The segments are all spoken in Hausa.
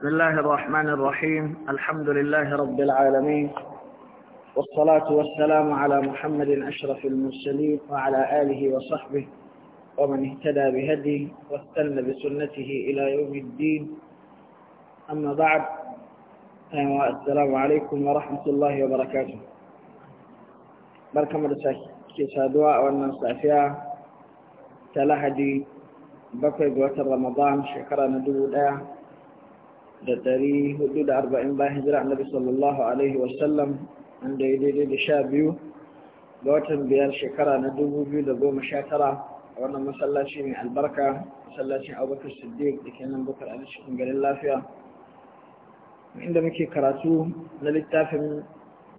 بسم الله الرحمن الرحيم الحمد لله رب العالمين والصلاة والسلام على محمد أشرف المرسلين وعلى آله وصحبه ومن اهتدى بهدي واستنى بسنته إلى يوم الدين أما بعد السلام عليكم ورحمة الله وبركاته بركة مرساك كسادواء والنصافية تلهدي بقي قوة رمضان شكرا ندود dari hudud arba'in bahijrah Nabi sallallahu alaihi wasallam wanda ide ide di sha biyu biar syekara biyar shekara na dubu biyu da goma sha tara a wannan masallaci mai albarka masallacin abubakar siddiq da ke nan bakar ali cikin garin lafiya inda muke karatu na littafin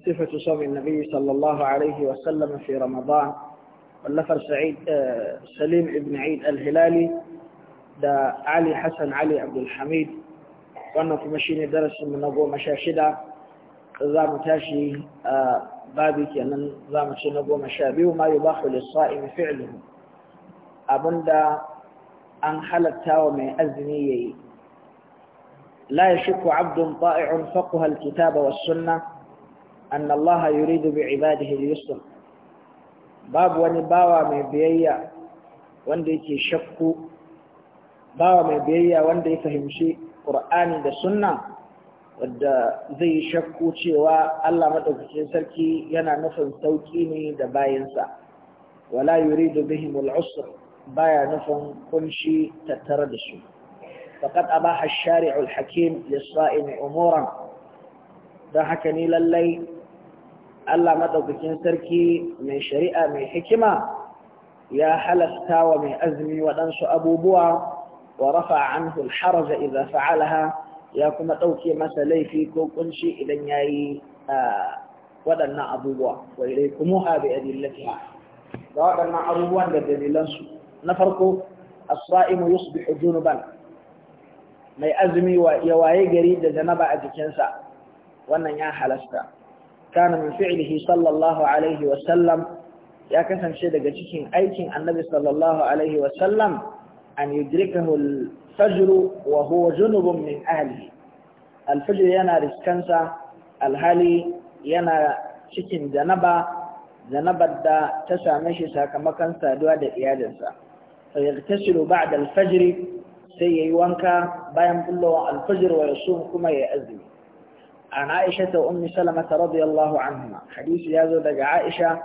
sifatu saumin nabi sallallahu alaihi wasallam fi ramadan wallafar sa'id salim ibn aid al-hilali da ali hassan ali abdulhamid wannan kuma shine darasinmu na goma sha shida za mu tashi a babi kenan za mu ce na goma sha biyu ma yi bahu lissa'in fi'luhu abinda an halatta wa mai azumi ya yi la ya shuku abdun ta'i'un faquha alkitaba was sunna anna Allah yuridu bi ibadihi al-yusr babu wani bawa mai biyayya wanda yake shakku bawa mai biyayya wanda ya fahimci ƙur'ani da sunna wadda zai yi shakku cewa Allah maɗaukacin sarki yana nufin sauƙi ne da bayansa wala yuridu bihim al baya nufin kunshi tattara da su faqad abaha ash-shari'u al-hakim lis-sa'imi umuran don haka ne lallai Allah maɗaukacin sarki mai shari'a mai hikima ya halasta wa mai azumi waɗansu abubuwa ورفع عنه الحرج إذا فعلها يا كما توكي مثلي في كوكنشي إذا ياي ودنا أبوه وإليكمها بأدلتها ودنا أبوه بدليلنسو نفرق الصائم يصبح جنبا mai azumi ya waye gari da zanaba a jikinsa wannan ya halasta kana min fi'lihi sallallahu alaihi wa sallam ya kasance daga cikin aikin annabi sallallahu alaihi wa sallam an yudrikahu al-fajr wa huwa junubun min ahlihi al-fajr yana riskansa alhali yana cikin janaba janabar da ta same shi sakamakon saduwa da iyalinsa fa yaghtasilu ba'da al-fajr sai yayi wanka bayan bullowar al-fajr wa yasum kuma ya azumi an Aisha ta ummi Salama radiyallahu anha hadisi ya zo daga Aisha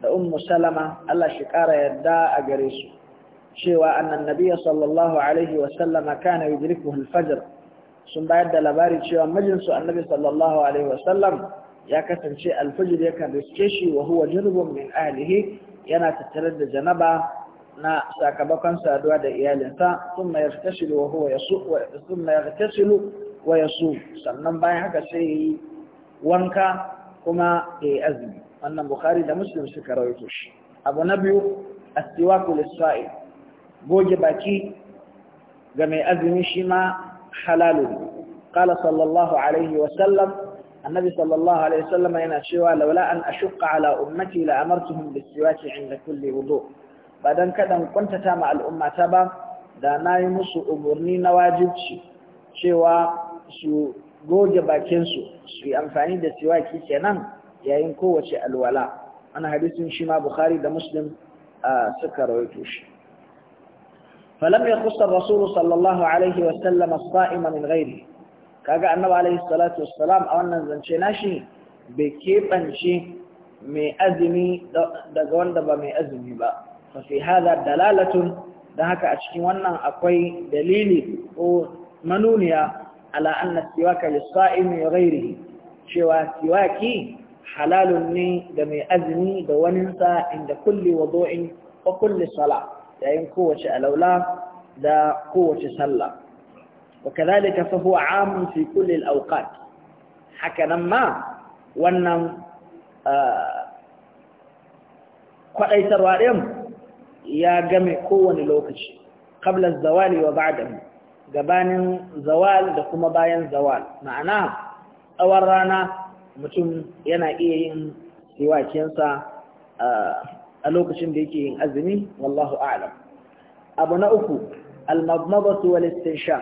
da ummu Salama Allah shi kara yarda a gare cewa annan nabiya sallallahu alaihi wasallama kana yudrikuhu al-fajr sun bayar da labari cewa majinsu annabi sallallahu alaihi wasallam ya kasance alfajir yakan riske shi wa huwa junubun min ahlihi yana tattare da janaba na sakamakon saduwa da iyalinsa thumma yaghtasilu wa huwa sannan bayan haka sai yi wanka kuma yi azumi wannan bukari da muslim suka rawaito shi abu na biyu as-siwaku goge baki ga mai azumi shi ma halalun qala sallallahu alaihi wa sallam annabi sallallahu wa yana cewa laula an ashqa ala ummati la amartuhum bisiwaki inda kulli wudu ba dan kaɗan kuntata ma al'ummata ba da nayi musu umurni na wajibci cewa su goge bakinsu su yi amfani da siwaki kenan yayin kowace alwala ana hadisin shima ma bukhari da muslim ah, suka rawaito shi falam yakhuss ar-rasul sallallahu alaihi wa sallam as-sa'ima min kaga annabi alaihi salatu wassalam a wannan zance shi bai keɓance mai azumi daga wanda ba mai azumi ba fa da hada dalalatun da haka a cikin wannan akwai dalili ko manuniya ala anna siwaka lis rairi ghairihi cewa siwaki halalun ne da mai azumi da waninsa inda kulli wudu'in wa kulli salat yayin kowace alaula da kowace sallah wa kadhalika fa huwa amun fi kulli al-awqat haka ma wannan ah, kwadaitarwa din ya game kowane lokaci qabla az-zawali wa ba'dahu gabanin zawal da kuma bayan zawal ma'ana tsawon rana mutum yana iya yin siwakensa ah, a lokacin da yake yin azumi wallahu a'lam abu na uku almadmadatu wal istinsha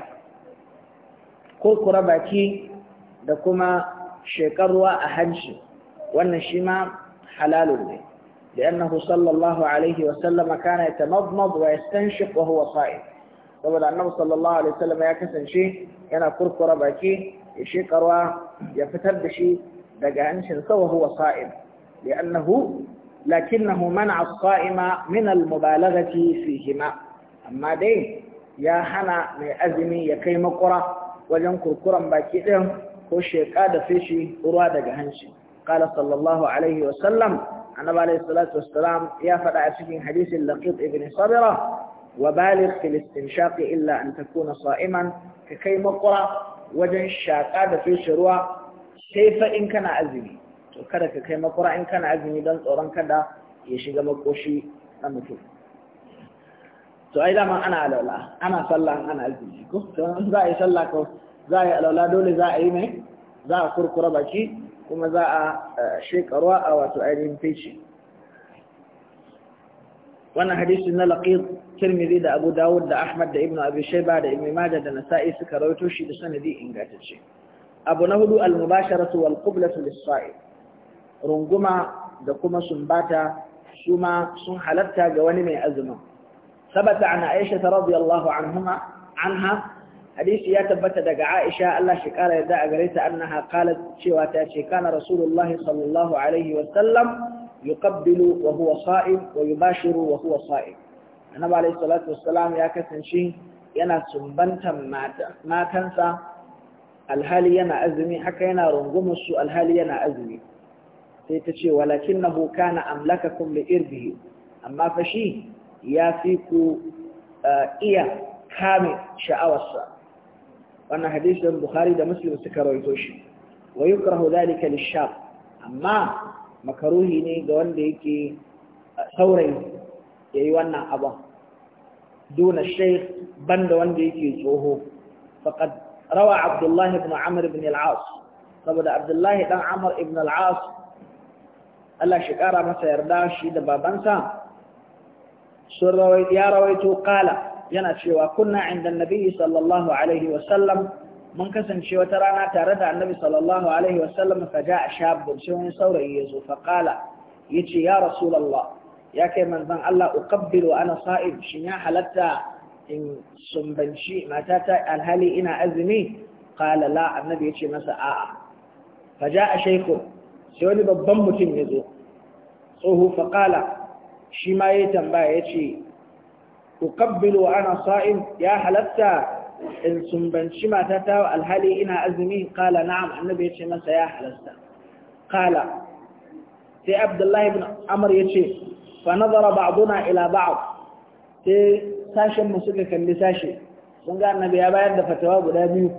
kurkura baki da kuma shekar ruwa a hajji wannan shi ma halalun ne لأنه صلى الله عليه وسلم كان يتمضمض ويستنشق وهو صائم saboda annabi sallallahu alaihi wasallam ya kasance yana kurkura baki ya shekarwa ya fitar da shi daga hancin sa wa huwa sa'im li'annahu لكنه منع الصائم من المبالغة فيهما أما دي يا حنا من أزمي يا كي مقرى وجن كركرا باكيدهم كوشي قاد فيشي أراد جهنشي قال صلى الله عليه وسلم أنا عليه الصلاة والسلام يا فتاة في حديث اللقيط ابن صبرة وبالغ في الاستنشاق إلا أن تكون صائما كي قرى وجن الشاقاد فيشي روى كيف إن كان أزمي kada ka kai makura in kana azumi don tsoron kada ya shiga makoshi na mutum to ai dama ana alaula ana sallah ana azumi ko to za a yi sallah ko za a yi alaula dole za a yi mai za a kurkura baki kuma za a eh, shekarwa a wato ainihin fice wannan hadisi na laqid tirmidhi da abu dawud da ahmad da ibnu abi shayba da ibnu majah da nasa'i suka rawaito shi da sanadi ingantacce abu na hudu al mubasharatu wal qiblatu lis-sa'id runguma da kuma sumbata su ma sun halatta ga wani mai azumin sabata an aisha ta radiyallahu anhuma anha hadisi ya tabbata daga aisha Allah shi kara yadda a gare ta annaha kala cewa ta ce kana rasulullah sallallahu alaihi wa sallam yuqabbilu wa huwa sa'im wa yubashiru wa huwa sa'im annabi alaihi salatu salam ya kasance yana sumbantan matansa alhali yana azumi haka yana rungumar su alhali yana azumi sai ta ce walakin na kana na amlaka kun irbihi amma fa shi ya fi ku eh, iya kame sha'awarsa wannan hadisin buhari da muslim suka rawaito shi wa yukrahu dhalika lishab amma makaruhi ne ga wanda yake eh, saurayi yi wannan abin duna shaykh banda wanda yake tsoho faqad rawa abdullah ibn amr ibn al-as saboda abdullah ibn al-as Allah shi ƙara masa yarda shi da babansa sun ya rawaito kala yana cewa kunna inda nabi sallallahu alaihi wasallam mun kasance wata rana tare da annabi sallallahu alaihi wasallam fa ja shabun sai wani saurayi ya zo fa kala yace ya rasulullah ya kai manzon Allah uqabbilu ana sa'ib shi ya halatta in sumbanci matata alhali ina azumi qala la annabi yace masa a'a fa ja shaykhu sai wani babban mutum ya zo tsoho faƙala shi ma ya tambaya ya ce ukabbilu wa ana sa'in ya halatta in sumbanci matata alhali ina azumi kala na'am annabi ya ce masa ya halatta kala sai abdullahi ibn amr ya ce fa nazara ba'duna ila ba'd sai sashen mu suka kalli sashe sun ga annabi ya bayar da fatawa guda biyu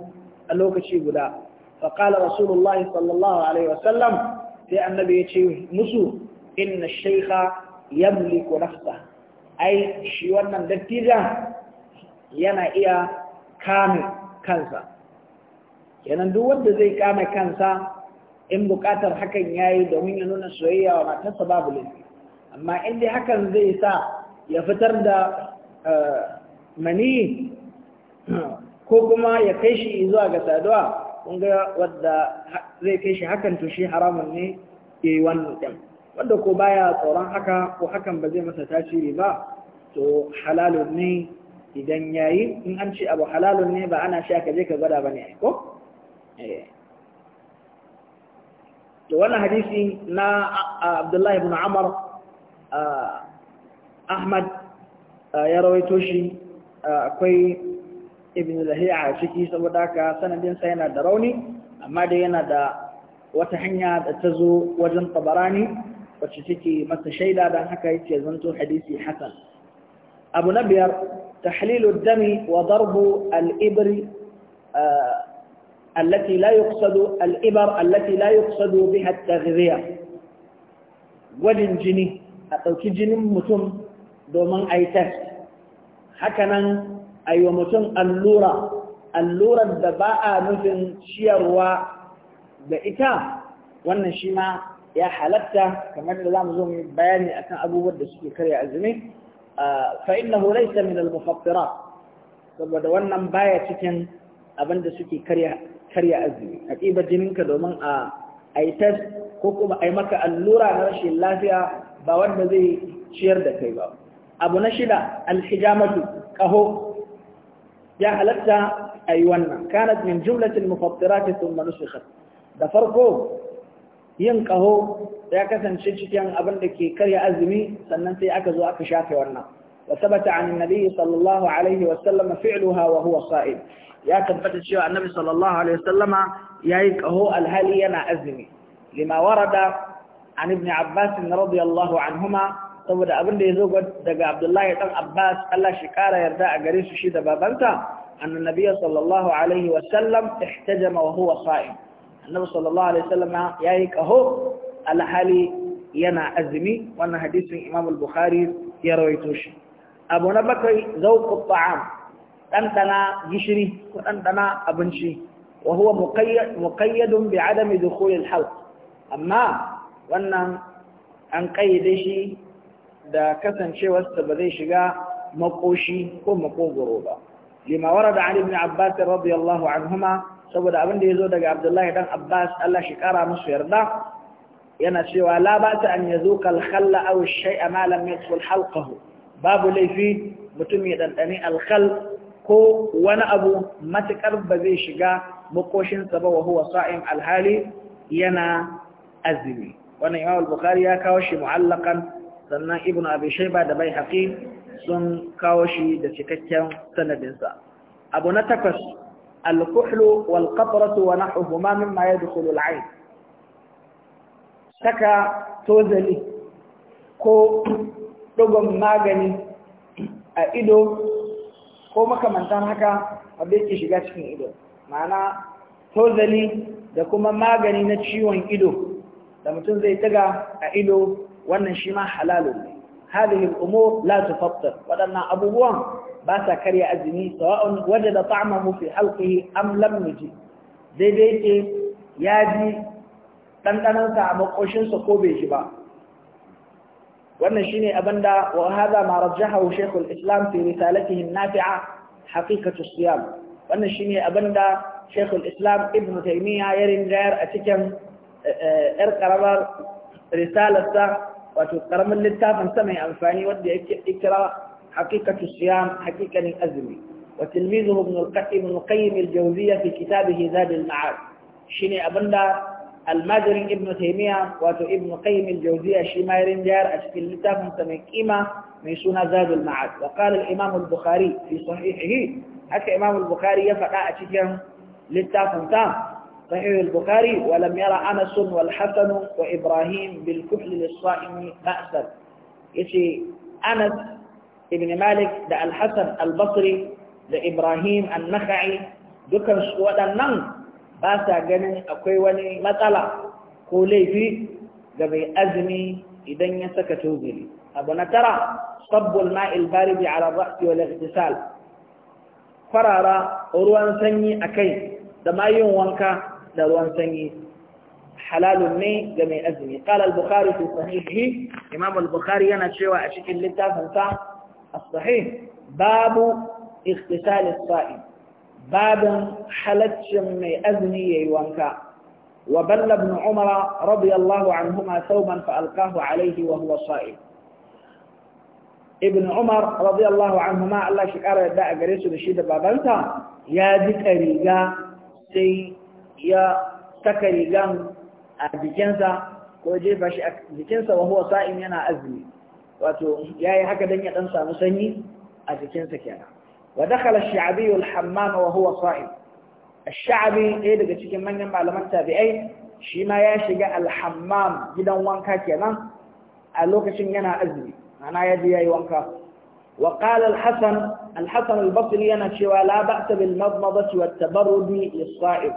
a lokaci guda fa qala rasulullahi sallallahu alaihi wasallam sai annabi ya ce musu inna shaikha yamliku nafsa ai shi wannan dattijan yana iya kame kansa kenan duk wanda zai kame kansa in bukatar hakan yayi domin ya nuna soyayya wa matarsa babu laifi amma in dai hakan zai sa ya fitar da eh, mani ko kuma ya kai shi zuwa ga saduwa kunga wadda zai kai shi hakan to shi haramun ne ke wannan ɗin wanda ko baya tsoron haka ko hakan ba zai masa tasiri ba to halalun ne idan yayi in an ce abu halalun ne ba ana sha ka je ka gwada ba ne ko eh. to wannan hadisi na Abdullahi ibn Umar, Ahmad ya rawaito shi akwai ibn lahiya a ciki saboda haka sanadinsa yana da rauni amma dai yana da wata hanya da ta zo wajen tabarani wacce take masa shaida don haka yake zanto hadisi hasan abu na biyar tahlilu dami wa darbu al-ibri التي لا يقصد الإبر التي لا يقصد بها التغذية gwajin jini a ɗauki jinin mutum domin a yi hakanan a wa mutum allura allurar da ba a nufin ciyarwa da ita wannan shi ma ya halatta kamar da za mu zo mu bayani akan abubuwan da suke karya azumi fa innahu laysa min al saboda wannan baya cikin abin da suke karya karya azumi a ɗiba jininka domin a aitas ko kuma ai maka allura na rashin lafiya ba wanda zai ciyar da kai ba abu na shida alhijamatu ƙaho. ya halatta a yi wannan kanat min jumlatin mufattirati thumma nusikhat da farko yin kaho ya kasance cikin abinda ke karya azumi sannan sai aka zo aka shafe wannan wa sabata an nabi sallallahu alaihi wa sallam fi'luha wa huwa sa'id ya tabbata cewa annabi sallallahu alaihi wa sallama yayi kaho alhali yana azumi lima warada an ibn abbas radiyallahu anhuma saboda abin da ya zo daga abdullahi ɗan abbas allah shi kara yarda a gare su shi da babanta annan nabiya sallallahu alaihi wasallam ihtajama wa huwa sa'im annabi sallallahu alaihi wasallam yayi kaho alhali yana azumi wannan hadisin imam al-bukhari ya rawaito shi abu na bakwai zauqu ta'am dandana gishiri ko dandana abinci wa huwa muqayyad muqayyadun bi adami dukhul halq amma wannan an kayyade shi da kasancewarsa ba zai shiga makoshi ko makogoro ba lima da ali ibn abbas radiyallahu anhuma saboda abin da yazo daga abdullahi dan abbas Allah shi kara musu yarda yana cewa la ba ta an yazo al-khalla aw ash-shay'a ma lam yadkhul halqahu babu laifi mutum ya dandane al ko wani abu matukar ba zai shiga makoshinsa ba wa huwa sa'im alhali yana azumi wannan imam al-bukhari ya kawo shi mu'allaqan sannan ibn abi shaiba da bai haƙi sun kawo shi da cikakken sanadinsa abu na takwas alkuhlu wal qatratu wa nahwuhuma mimma yadkhulu al ayn saka tozali ko dogon magani a ido ko makamantan haka wanda yake shiga cikin ido ma'ana tozali da kuma magani na ciwon ido da mutum zai taga a ido wannan shi ma halalun ne halihin umar latu fattar waɗannan abubuwan basa karya azumi sawa'un waje da ta'ama mufi halkihi amlam miji daidai ke ya ɗanɗanansa a makoshinsa ko bai ji ba wannan shine abin da wa hada ma rajaha wa shaykhul islam fi risalatihi nafi'a haqiqatu siyam wannan shine abin da shaykhul islam ibnu taymiya yarin da a cikin eh, eh, yar karamar risalarsa wato karamin littafin sa mai amfani wanda yake ikra haqiqatu siyam haqiqanin azumi wa tilmizuhu ibn al-qayyim al-qayyim al-jawziyya fi kitabihi zad al-ma'ad shine abinda almajirin ibn taymiya wato ibn qayyim al-jawziyya shi ma yarin jayar a cikin littafin sa mai kima mai suna zad al-ma'ad wa qala al-imam al-bukhari fi sahihihi haka imam al-bukhari ya faɗa a cikin littafin sa صحيح البخاري ولم يرى أنس والحسن وإبراهيم بالكحل للصائم بأسا يشي أنس ابن مالك دا الحسن البصري دا إبراهيم النخعي دكان سوادا نن باسا جنن أكوي وني مثلا قولي في قبي أزمي إذن يسك توزلي أبونا ترى صب الماء البارد على الرأس والاغتسال فرارا أروان سني أكي دما يوم وانكا لو أنسني حلال مني جمي أزمي قال البخاري في صحيحه إمام البخاري أنا شوى أشيك اللي تفنسى الصحيح باب اختسال الصائم باب حلت شمي أزمي يوانكا وبل ابن عمر رضي الله عنهما ثوبا فألقاه عليه وهو صائم ابن عمر رضي الله عنهما الله شكرا يدعى قريسه بشيدة بابلتا يا ذكري يا سيد ya saka rigan a jikinsa ko jefa shi a jikinsa wa huwa sa'im yana azumi wato yayi haka dan ya dan samu sanyi a jikinsa kenan wa dakhala ash-sha'bi al-hammam wa huwa sa'im ash-sha'bi ɗaya daga cikin manyan malaman tabi'ai shi ma ya shiga al-hammam gidan wanka kenan a lokacin yana azumi ana ya je yayi wanka wa qala al-hasan al-hasan al-basri yana cewa la ba'sa bil madmadati wat tabarrudi lis-sa'im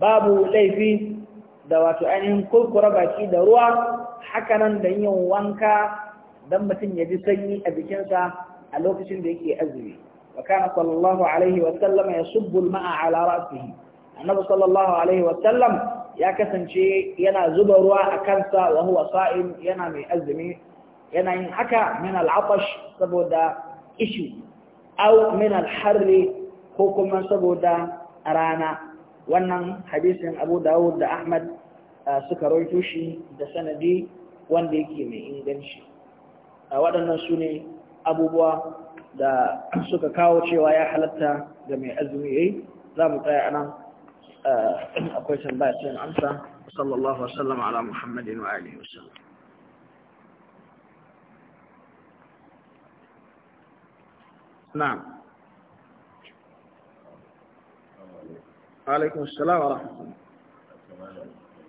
babu laifi da wato ainihin kurkura baki da ruwa hakanan da yin wanka don mutum ya ji sanyi a jikinsa a lokacin da yake azumi wa kana sallallahu alaihi wa sallam yasubbu al-ma'a ala ra'sihi annabi sallallahu alaihi wa sallam ya kasance yana zuba ruwa a kansa wa huwa sa'im yana mai azumi yana yin haka min al-atash saboda ishi au min al-harri ko kuma saboda rana wannan hadisin abu dawud da ahmad suka rawaito shi da sanadi wanda yake mai inganci a waɗannan su ne abubuwa da suka kawo cewa ya halatta ga mai azumi yayi za mu tsaya anan akwai tambaya sai amsa sallallahu wasallam ala muhammadin wa alihi wasallam na'am عليكم السلام ورحمة الله